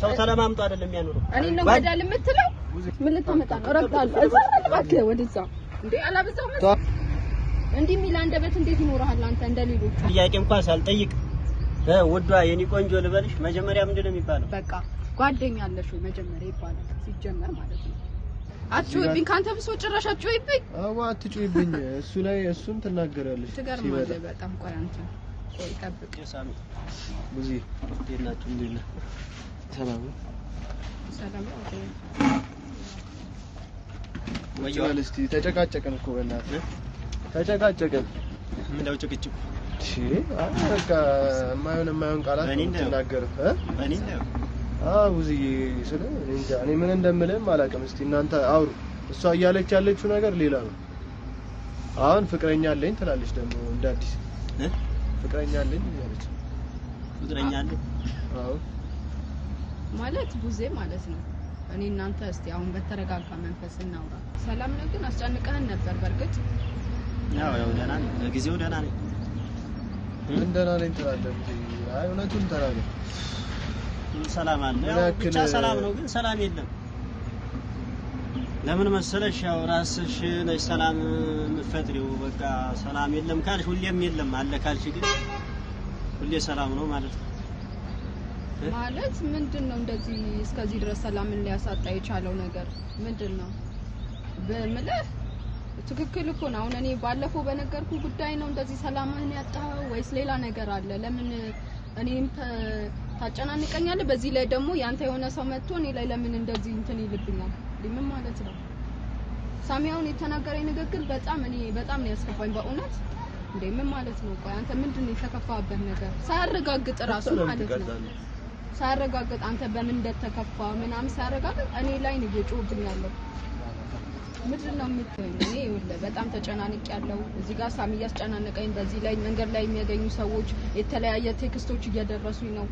ሰው ተለማምጦ አይደለም የሚያኖረው። እኔ ነው ገዳል የምትለው? ምን ልታመጣ ነው? እረግጣለሁ። እዛ እባክህ፣ ወደዛ እንዴ! አላበዛሁም እንዲህ የሚል አንደበት እንዴት ይኖርሃል አንተ? እንደሌሎቹ ጥያቄ እንኳን ሳልጠይቅ ውዷ የኔ ቆንጆ ልበልሽ። መጀመሪያ ምንድን ነው የሚባለው? በቃ ጓደኛ አለሽ ወይ መጀመሪያ ይባላል ሲጀመር ማለት ነው። አትጩይብኝ፣ ካንተ ብሶ ጭራሽ አትጩይብኝ። አዎ አትጩይብኝ። እሱ ላይ እሱም ትናገራለሽ። ትገርማለህ በጣም ቆይ አንተ ቆይ ጠብቅ። ሳሚ ሙዚ እንዴት ናችሁ? እንዴት ተጨቃጨቅን እኮ በእናትህ ተጨቃጨቅን። ምንድነው ጭቅጭቁ? በቃ የማይሆን የማይሆን ቃላት ትናገር ውዝዬ ስለ እኔ ምን እንደምልህም አላውቅም። እስቲ እናንተ አውሩ። እሷ እያለች ያለችው ነገር ሌላ ነው። አሁን ፍቅረኛ አለኝ ትላለች። ደግሞ እንደ አዲስ ፍቅረኛ አለኝ እያለች ፍቅረኛ አለኝ። ማለት ቡዜ ማለት ነው። እኔ እናንተ እስቲ አሁን በተረጋጋ መንፈስ እናውራ። ሰላም ነው ግን አስጨንቀህን ነበር። በእርግጥ ያው ያው ደህና ነኝ፣ ጊዜው ደህና ነኝ። ምን ደህና ነኝ ትላለህ? አይ እውነቱን ተናገር። ሰላም አለ፣ ያው ብቻ ሰላም ነው ግን ሰላም የለም። ለምን መሰለሽ ያው ራስሽ ነሽ ሰላም የምትፈጥሪው። በቃ ሰላም የለም ካልሽ ሁሌም የለም አለ ካልሽ ግን ሁሌ ሰላም ነው ማለት ነው። ማለት ምንድን ነው እንደዚህ እስከዚህ ድረስ ሰላምን ሊያሳጣ የቻለው ነገር ምንድን ነው ብምልህ ትክክል እኮ ነው። አሁን እኔ ባለፈው በነገርኩ ጉዳይ ነው እንደዚህ ሰላምህን ያጣኸው ወይስ ሌላ ነገር አለ? ለምን እኔም ታጨናንቀኛለህ? በዚህ ላይ ደግሞ ያንተ የሆነ ሰው መጥቶ እኔ ላይ ለምን እንደዚህ እንትን ይልብኛል? ምን ማለት ነው? ሳሚያውን የተናገረኝ ንግግር በጣም እኔ በጣም ነው ያስከፋኝ በእውነት እንዴ ምን ማለት ነው? ቆይ አንተ ምንድን ነው የተከፋበት ነገር ሳያረጋግጥ ራሱ ማለት ነው። ሳያረጋግጥ አንተ በምን እንደተከፋ ምናምን ሳያረጋግጥ እኔ ላይ ነው እየጮህብኝ ያለው። ምንድን ነው የምትሆኝ? እኔ ይኸውልህ በጣም ተጨናንቅ ያለው እዚህ ጋር ሳሚ እያስጨናነቀኝ፣ በዚህ ላይ መንገድ ላይ የሚያገኙ ሰዎች የተለያየ ቴክስቶች እየደረሱኝ ነው።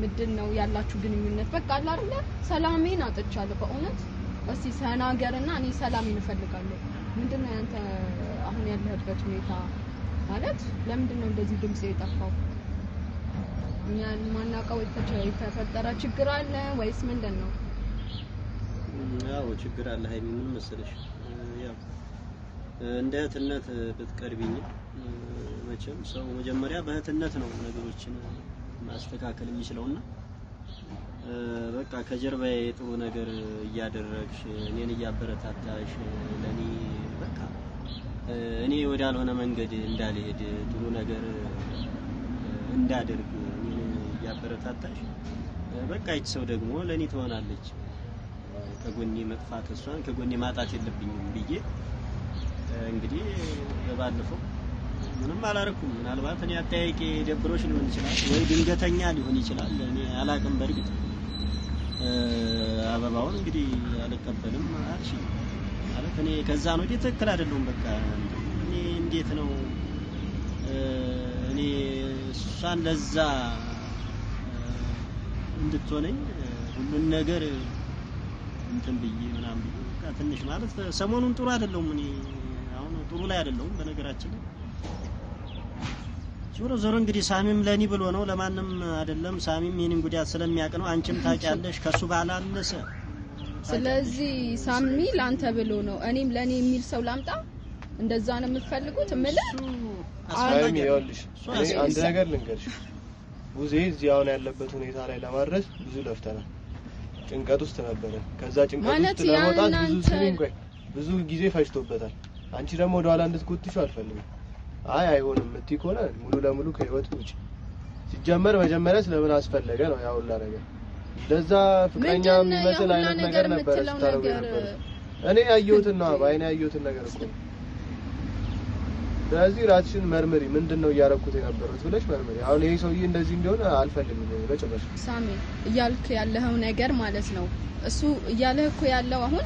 ምንድን ነው ያላችሁ ግንኙነት? በቃ አለ አይደለ ሰላሜን አጥቻለሁ በእውነት። እስቲ ተናገርና እኔ ሰላም እንፈልጋለሁ። ምንድን ነው ያንተ አሁን ያለህበት ሁኔታ ማለት? ለምንድን ነው እንደዚህ ድምጽ የጠፋው? እኛ የማናውቀው የተፈጠረ ችግር አለ ወይስ ምንድን ነው? ያው ችግር አለ ሀይ ምን መሰለሽ፣ ያው እንደ እህትነት ብትቀርቢኝ መቼም ሰው መጀመሪያ በእህትነት ነው ነገሮችን ማስተካከል የሚችለውና በቃ ከጀርባ የጥሩ ነገር እያደረግሽ እኔን እያበረታታሽ ለእኔ በቃ እኔ ወዳልሆነ መንገድ እንዳልሄድ ጥሩ ነገር እንዳደርግ እያበረታታሽ በቃ ይች ሰው ደግሞ ለእኔ ትሆናለች ከጎኔ መጥፋት እሷን ከጎኔ ማጣት የለብኝም ብዬ እንግዲህ በባለፈው ምንም አላረኩም። ምናልባት እኔ አጠያቂ ደብሮች ሊሆን ይችላል ወይ ድንገተኛ ሊሆን ይችላል። እኔ አላቅም። በእርግጥ አበባውን እንግዲህ አልቀበልም አልሽ ማለት እኔ ከዛ ነው ትክክል አይደለሁም። በቃ እኔ እንዴት ነው እኔ እሷን ለዛ እንድትሆነኝ ሁሉን ነገር እንትን ብዬ ምናምን ብዬ በቃ ትንሽ ማለት ሰሞኑን ጥሩ አይደለሁም። እኔ አሁን ጥሩ ላይ አይደለሁም በነገራችን ላይ ዞሮ ዞሮ እንግዲህ ሳሚም ለእኔ ብሎ ነው ለማንም አይደለም። ሳሚም የኔን ጉዳት ስለሚያውቅ ነው። አንቺም ታውቂያለሽ ከሱ ባላነሰ። ስለዚህ ሳሚ ለአንተ ብሎ ነው። እኔም ለእኔ የሚል ሰው ላምጣ? እንደዛ ነው የምትፈልጉት? ምልህ ሳሚ ይኸውልሽ፣ አንድ ነገር ልንገርሽ ቡዜ እዚህ አሁን ያለበት ሁኔታ ላይ ለማድረስ ብዙ ለፍተናል። ጭንቀት ውስጥ ነበረ። ከዛ ጭንቀት ውስጥ ለመውጣት ብዙ ስሪንጓይ ብዙ ጊዜ ፈጅቶበታል። አንቺ ደግሞ ወደ ኋላ እንድትጎትሹ አልፈልግም። አይ አይሆንም እምትይ ከሆነ ሙሉ ለሙሉ ከህይወት ውጪ። ሲጀመር መጀመሪያ ስለምን አስፈለገ ነው ያው ሁላ ነገር። እንደዛ ፍቅረኛ የሚመስል አይነት ነገር ነበረ ስታደርጉ ነበር። እኔ ያየሁትና በአይኔ ያየሁትን ነገር እኮ ስለዚህ ራስሽን መርምሪ። ምንድን ነው እያረኩት የነበሩት ብለሽ መርምሪ። አሁን ይሄ ሰውዬ እንደዚህ እንዲሆን አልፈልግም በጭራሽ። ሳሚ እያልክ ያለኸው ነገር ማለት ነው እሱ እያለህ እኮ ያለው አሁን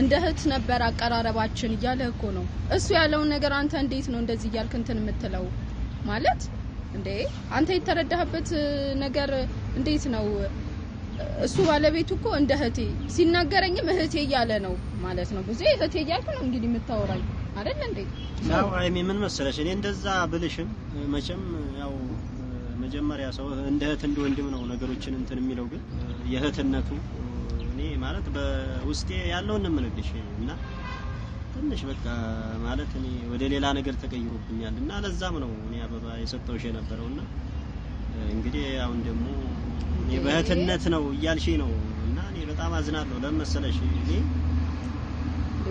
እንደ እህት ነበር አቀራረባችን እያለህ እኮ ነው እሱ ያለውን ነገር። አንተ እንዴት ነው እንደዚህ እያልክ እንትን የምትለው ማለት እንዴ? አንተ የተረዳህበት ነገር እንዴት ነው እሱ ባለቤቱ እኮ እንደ እህቴ ሲናገረኝም እህቴ እያለ ነው ማለት ነው። ብዙ እህቴ እያልኩ ነው እንግዲህ የምታወራኝ አይደል እንዴ? ያው አይሚ ምን መሰለሽ፣ እኔ እንደዛ ብልሽም መቼም ያው መጀመሪያ ሰው እንደ እህት እንደ ወንድም ነው ነገሮችን እንትን የሚለው ግን የእህትነቱ እኔ ማለት በውስጤ ያለውን እንምልልሽ እና ትንሽ በቃ ማለት እኔ ወደ ሌላ ነገር ተቀይሮብኛል እና ለዛም ነው እኔ አበባ የሰጠውሽ የነበረውና እንግዲህ አሁን ደግሞ የበህትነት ነው እያልሽ ነው እና እኔ በጣም አዝናለሁ። ለምን መሰለሽ እኔ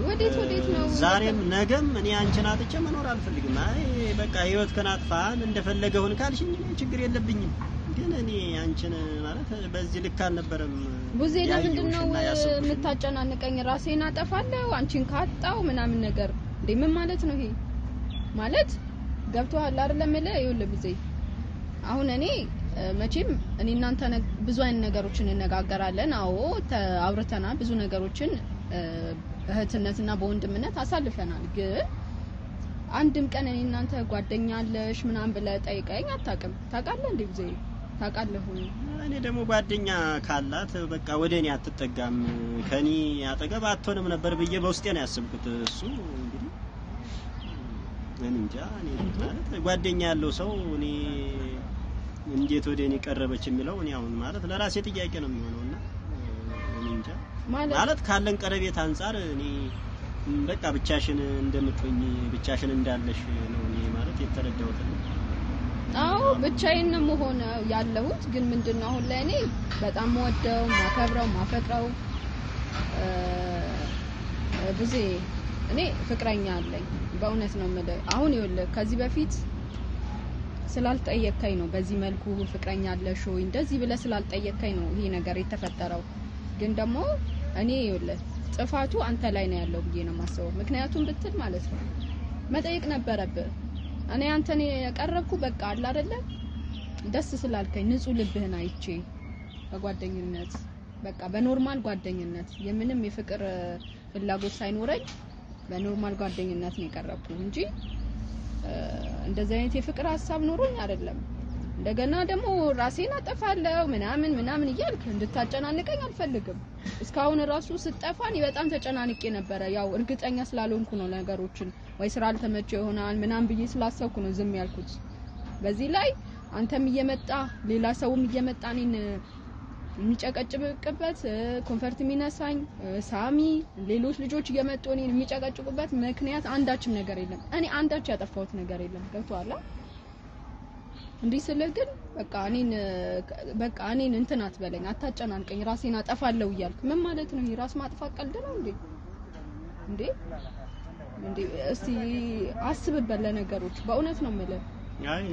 ወዴት ወዴት ነው ዛሬም ነገም እኔ አንቺን አጥቼ መኖር አልፈልግም። አይ በቃ ህይወት ከናጥፋን እንደፈለገ ሁን ካልሽኝ ችግር የለብኝም። ግን እኔ አንቺን ማለት በዚህ ልክ አልነበረም። ቡዜ ለምንድን ነው የምታጨናንቀኝ? ራሴን አጠፋለሁ አንቺን ካጣው ምናምን ነገር እንዴ ምን ማለት ነው ይሄ? ማለት ገብቶሃል አይደለም? ይኸውልህ ቡዜ አሁን እኔ መቼም እኔ እናንተ ብዙ አይነት ነገሮችን እነጋገራለን። አዎ አውርተና ብዙ ነገሮችን በእህትነትና በወንድምነት አሳልፈናል። ግን አንድም ቀን እኔ እናንተ ጓደኛ አለሽ ምናምን ብለህ ጠይቀኝ አታውቅም። ታውቃለህ እንዴ? ብዙ ታውቃለሁ። እኔ ደግሞ ጓደኛ ካላት በቃ ወደ እኔ አትጠጋም፣ ከኔ አጠገብ አትሆንም ነበር ብዬ በውስጤ ነው ያስብኩት። እሱ እንግዲህ እንጃ ማለት ጓደኛ ያለው ሰው እኔ እንዴት ወደ እኔ ቀረበች የሚለው እኔ አሁን ማለት ለራሴ ጥያቄ ነው የሚሆነውና እንጃ ማለት ካለን ቀረቤት አንጻር እኔ በቃ ብቻሽን እንደምትሆኝ ብቻሽን እንዳለሽ ነው እኔ ማለት የተረዳሁት። ነው። አዎ ብቻዬን ነው መሆን ያለሁት። ግን ምንድነው አሁን ላይ እኔ በጣም ወደው ማከብረው ማፈቅረው ብዙ እኔ ፍቅረኛ አለኝ። በእውነት ነው የምልህ። አሁን ይኸውልህ ከዚህ በፊት ስላልጠየቅከኝ ነው በዚህ መልኩ ፍቅረኛ አለሽ ወይ እንደዚህ ብለህ ስላልጠየቅከኝ ነው ይሄ ነገር የተፈጠረው። ግን ደግሞ እኔ ይኸውልህ ጥፋቱ አንተ ላይ ነው ያለው ብዬ ነው የማስበው። ምክንያቱም ብትል ማለት ነው መጠየቅ ነበረብህ። እኔ አንተን የቀረብኩ በቃ አለ አይደለ ደስ ስላልከኝ ንጹህ ልብህን አይቼ በጓደኝነት በቃ በኖርማል ጓደኝነት የምንም የፍቅር ፍላጎት ሳይኖረኝ በኖርማል ጓደኝነት ነው የቀረብኩ እንጂ እንደዚህ አይነት የፍቅር ሀሳብ ኖሮኝ አይደለም። እንደገና ደግሞ ራሴን አጠፋለሁ ምናምን ምናምን እያልክ እንድታጨናንቀኝ አልፈልግም። እስካሁን ራሱ ስጠፋን በጣም ተጨናንቄ ነበረ። ያው እርግጠኛ ስላልሆንኩ ነው ነገሮችን ወይ ስራ አልተመቸው ይሆናል ምናምን ብዬ ስላሰብኩ ነው ዝም ያልኩት። በዚህ ላይ አንተም እየመጣ ሌላ ሰውም እየመጣ እኔን የሚጨቀጭቅበት ኮንፈርት የሚነሳኝ ሳሚ፣ ሌሎች ልጆች እየመጡ እኔን የሚጨቀጭቁበት ምክንያት አንዳችም ነገር የለም። እኔ አንዳች ያጠፋሁት ነገር የለም። ገብቶሃል? እንዲህ ስልህ ግን በቃ እኔን በቃ እኔን እንትን አትበለኝ፣ አታጨናንቀኝ፣ ራሴን አጠፋለሁ እያልኩ ምን ማለት ነው? ራስ ማጥፋት ቀልድ ነው እንዴ? እንዴ እንዴ! እስቲ አስብበት ለነገሮች። በእውነት ነው የምልህ። አይ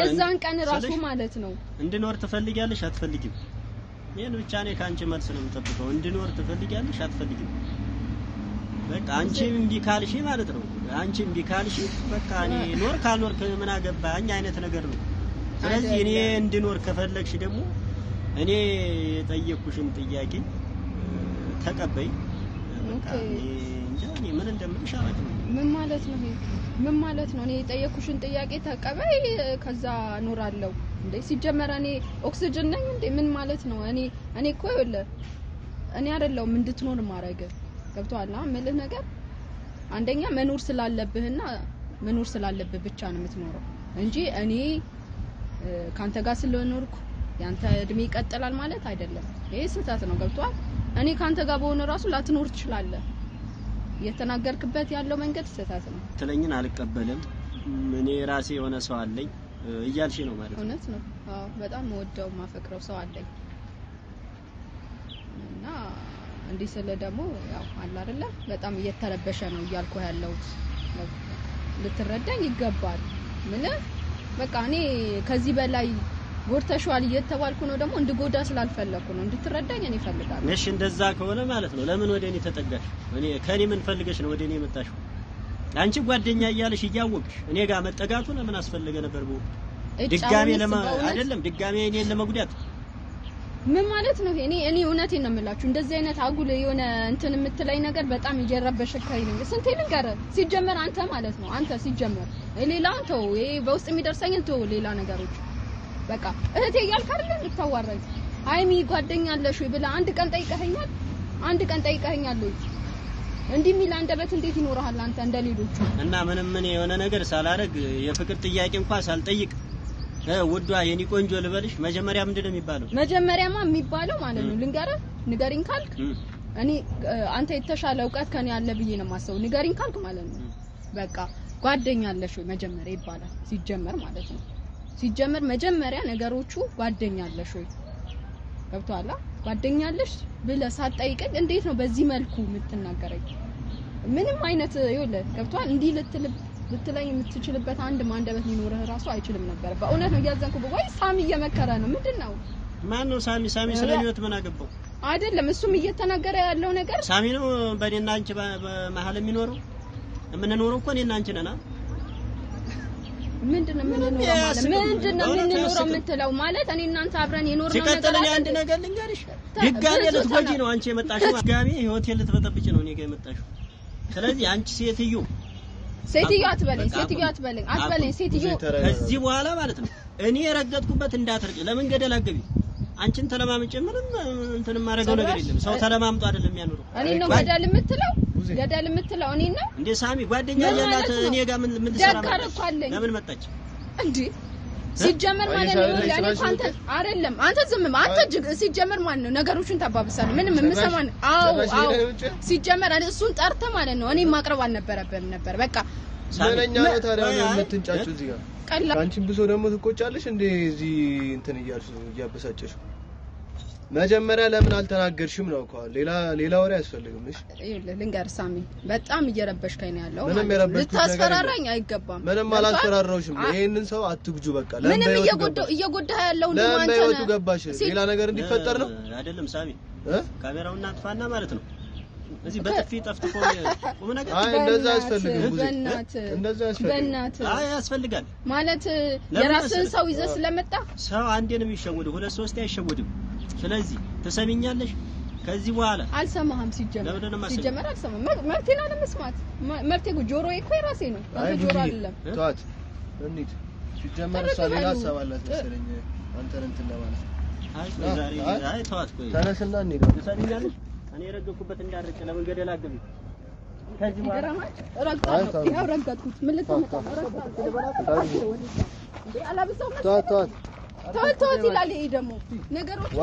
የዛን ቀን ራሱ ማለት ነው እንድኖር ትፈልጊያለሽ አትፈልጊም? ይህን ብቻ እኔ ከአንቺ መልስ ነው የምጠብቀው። እንድኖር ትፈልጊያለሽ አትፈልጊም? በቃ አንቺ እምቢ ካልሽ ማለት ነው። አንቺ እምቢ ካልሽ በቃ እኔ ኖር ካልኖርክ ምን አገባኝ አይነት ነገር ነው። ስለዚህ እኔ እንድኖር ከፈለግሽ ደግሞ እኔ የጠየቅኩሽን ጥያቄ ተቀበይ። በቃ እንጃ ምን እንደምልሽ አላውቅም። ምን ማለት ነው? ምን ማለት ነው? እኔ የጠየቅኩሽን ጥያቄ ተቀበይ፣ ከዛ ኖራለሁ እንዴ ሲጀመር እኔ ኦክሲጅን ነኝ እንዴ ምን ማለት ነው እኔ እኔ እኮ ይኸውልህ እኔ አይደለሁም እንድትኖር ማረገ ገብቶሃል ምልህ ነገር አንደኛ መኖር ስላለብህና መኖር ስላለብህ ብቻ ነው የምትኖረው እንጂ እኔ ካንተ ጋር ስለኖርኩ ያንተ እድሜ ይቀጥላል ማለት አይደለም ይሄ ስህተት ነው ገብቷል እኔ ካንተ ጋር በሆነ ራሱ ላትኖር ትችላለህ እየተናገርክበት ያለው መንገድ ስህተት ነው ትለኝን አልቀበልም እኔ ራሴ የሆነ ሰው አለኝ እያልሽ ነው ማለት ነው። እውነት ነው። አዎ በጣም ወደው ማፈቅረው ሰው አለኝ እና እንዲህ ስለ ደግሞ ያው አለ አይደለ በጣም እየተረበሸ ነው እያልኩ ያለሁት ልትረዳኝ ይገባል። ምን በቃ እኔ ከዚህ በላይ ጎድተሽዋል እየተባልኩ ነው። ደግሞ እንድጎዳ ስላልፈለኩ ነው። እንድትረዳኝ እኔ እፈልጋለሁ። እሺ እንደዛ ከሆነ ማለት ነው ለምን ወደ እኔ ተጠጋሽ? እኔ ከኔ ምን ፈልገሽ ነው ወደ እኔ የመጣሽው? አንቺ ጓደኛ እያለሽ እያወቅሽ እኔ ጋር መጠጋቱ ለምን አስፈለገ ነበር? በው ድጋሜ ለማ አይደለም ድጋሜ እኔን ለመጉዳት ምን ማለት ነው? እኔ እኔ እውነቴን ነው የምላችሁ። እንደዚህ አይነት አጉል የሆነ እንትን የምትለኝ ነገር በጣም እየረበሸ ከይልኝ ስንቴ ልንገር። ሲጀመር አንተ ማለት ነው አንተ ሲጀመር ሌላውን ተው፣ ወይ በውስጥ የሚደርሰኝ ተው፣ ሌላ ነገሮች በቃ እህቴ እያልክ አይደለም ልታዋራኝ። አይሚ ጓደኛ አለሽ ወይ ብለህ አንድ ቀን ጠይቀኸኛል? አንድ ቀን ጠይቀኸኛል ወይ እንዲህ የሚል አንደበት እንዴት ይኖርሃል አንተ እንደ ሌሎቹ? እና ምንም ምን የሆነ ነገር ሳላደርግ የፍቅር ጥያቄ እንኳን ሳልጠይቅ ውዷ የኔ ቆንጆ ልበልሽ፣ መጀመሪያ ምንድን ነው የሚባለው? መጀመሪያማ የሚባለው ማለት ነው ልንገርህ፣ ንገሪኝ ካልክ እኔ አንተ የተሻለ እውቀት ከኔ ያለ ብዬ ነው የማስበው። ንገሪኝ ካልክ ማለት ነው በቃ ጓደኛ አለሽ ወይ መጀመሪያ ይባላል። ሲጀመር ማለት ነው ሲጀመር መጀመሪያ ነገሮቹ ጓደኛ አለሽ ወይ ገብቶሃል? ጓደኛለሽ? ብለ ብለህ ሳትጠይቀኝ እንዴት ነው በዚህ መልኩ የምትናገረኝ? ምንም አይነት ይኸውልህ፣ ገብቶሃል? እንዲህ ልትለኝ የምትችልበት አንድ ማንደበት ሊኖርህ ራሱ አይችልም ነበር። በእውነት ነው እያዘንኩ። ወይ ሳሚ እየመከረ ነው። ምንድን ነው ማን ነው ሳሚ? ሳሚ ስለ ህይወት ምን አገባው? አይደለም እሱም እየተናገረ ያለው ነገር ሳሚ ነው። በእኔና አንቺ መሀል የሚኖረው የምንኖረው እኮ እኔና አንቺ ነና ምንድን ነው የምንኖረው ማለት ምንድን ነው የምንኖረው የምትለው ማለት እኔ እናንተ አብረን የኖርነው ነገር ሲቀጥል፣ አንድ ነገር ልንገርሽ፣ ድጋሜ ልትጎጂ ነው አንቺ የመጣሽው። ድጋሜ ልትበጠብጭ ነው እኔ ጋር የመጣሽው። ስለዚህ አንቺ ሴትዮ ሴትዮ አትበለኝ፣ ሴትዮ አትበለኝ፣ አትበለኝ ሴትዮ። ከዚህ በኋላ ማለት ነው እኔ የረገጥኩበት እንዳትርቅ። ለምን ገደል አገቢ አንቺን ተለማምጬ ምንም እንትን የማደርገው ነገር የለም። ሰው ተለማምጦ አይደለም የሚያኖረው። እኔ ነው ገደል የምትለው ገደል የምትለው እኔ ነው እንዴ? ሳሚ ጓደኛ ያላት እኔ ጋር ምን ምን ትሰራ ለምን መጣች እንዴ? ሲጀመር ማለት ነው ያኔ አንተ አይደለም አንተ ዝም አንተ ጅግ ሲጀመር ማለት ነው ነገሮችን ታባብሳለህ። ምንም የምሰማን አው አው ሲጀመር እሱን ጠርተህ ማለት ነው እኔ ማቅረብ አልነበረብህም ነበር በቃ ምንኛ ነው ታዲያ ነው የምትንጫጩ እዚህ ጋር? አንቺም ብሶ ደግሞ ትቆጫለሽ እንዴ? እዚህ እንትን እያልሽ እያበሳጨሽ መጀመሪያ ለምን አልተናገርሽም ነው እኮ። ሌላ ሌላ ወሬ አያስፈልግም። እሺ ይኸውልህ ልንገርህ ሳሚ፣ በጣም እየረበሽከኝ ነው ያለው። ምንም የረበሽኩት ልታስፈራራኝ አይገባም። ምንም አላስፈራራሁሽም። ይሄንን ሰው አትግጁ፣ በቃ ምንም እየጎዳሁ እየጎዳህ ያለው ነው አንተ ነህ። ለምን ገባሽ? ሌላ ነገር እንዲፈጠር ነው አይደለም ሳሚ። ካሜራውን እናጥፋና ማለት ነው እዚህ በጥፊ ጠፍጥፎ ቁም ነገር። አይ እንደዛ አያስፈልግም። እንደዛ አያስፈልግም። አይ ያስፈልጋል ማለት የራስን ሰው ይዘህ ስለመጣ ሰው አንዴ ነው የሚሸወደው፣ ሁለት ሶስት አይሸወድም። ስለዚህ ትሰሚኛለሽ? ከዚህ በኋላ አልሰማህም። ሲጀመር ሲጀመር አልሰማህም። መብቴን አለመስማት መብቴ ጆሮዬ እኮ የራሴ ነው። ጆሮ አይደለም ተዋት። እንዴ ሲጀመር እሷ ሌላ ሀሳብ አላት መሰለኝ አንተን እንትን ለማለት አይ ተነስና እኔ የረገኩበት እንዳረጨ ለመንገድ ከዚህ ነው? ተወት ተወት ይላል። ይሄ ደግሞ ነገሮች